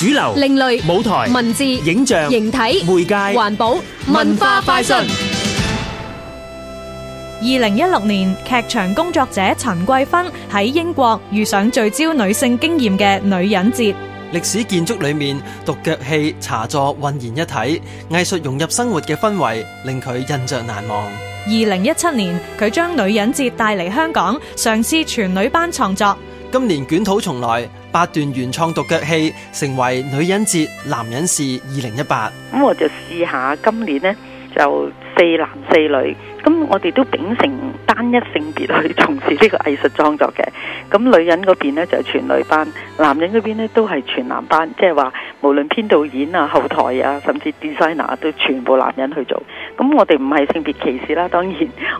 主流、另類舞台、文字、影像、形體、媒介、環保、文化、快訊。二零一六年，劇場工作者陳桂芬喺英國遇上聚焦女性經驗嘅女人節。歷史建築裏面，獨腳戲、茶座渾然一體，藝術融入生活嘅氛圍令佢印象難忘。二零一七年，佢將女人節帶嚟香港，嘗試全女班創作。今年捲土重來。八段原創獨腳戲成為女人節男人事二零一八，咁我就試下今年呢，就四男四女，咁我哋都秉承單一性別去從事呢個藝術創作嘅，咁女人嗰邊呢，就係全女班，男人嗰邊呢，都係全男班，即係話無論編導演啊後台啊甚至 designer 都全部男人去做，咁我哋唔係性別歧視啦，當然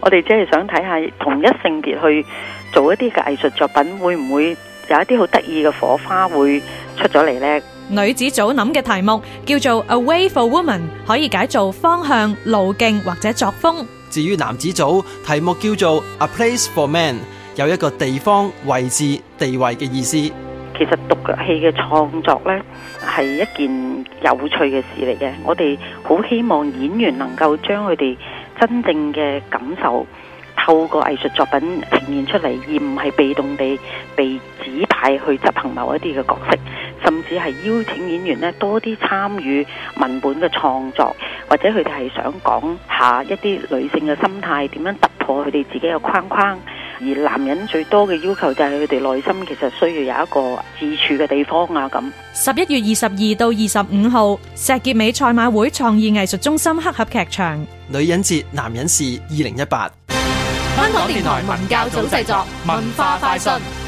我哋只係想睇下同一性別去做一啲嘅藝術作品會唔會？有一啲好得意嘅火花會出咗嚟咧。女子組諗嘅題目叫做 A Way for Woman，可以解做方向、路徑或者作風。至於男子組題目叫做 A Place for Man，有一個地方、位置、地位嘅意思。其實獨角戲嘅創作咧，係一件有趣嘅事嚟嘅。我哋好希望演員能夠將佢哋真正嘅感受。透過藝術作品呈現出嚟，而唔係被動地被指派去執行某一啲嘅角色，甚至係邀請演員咧多啲參與文本嘅創作，或者佢哋係想講下一啲女性嘅心態點樣突破佢哋自己嘅框框。而男人最多嘅要求就係佢哋內心其實需要有一個自處嘅地方啊。咁十一月二十二到二十五號，石硖尾賽馬會創意藝術中心黑盒劇場，女人節男人事二零一八。香港電台文教組製作，作，文化快訊。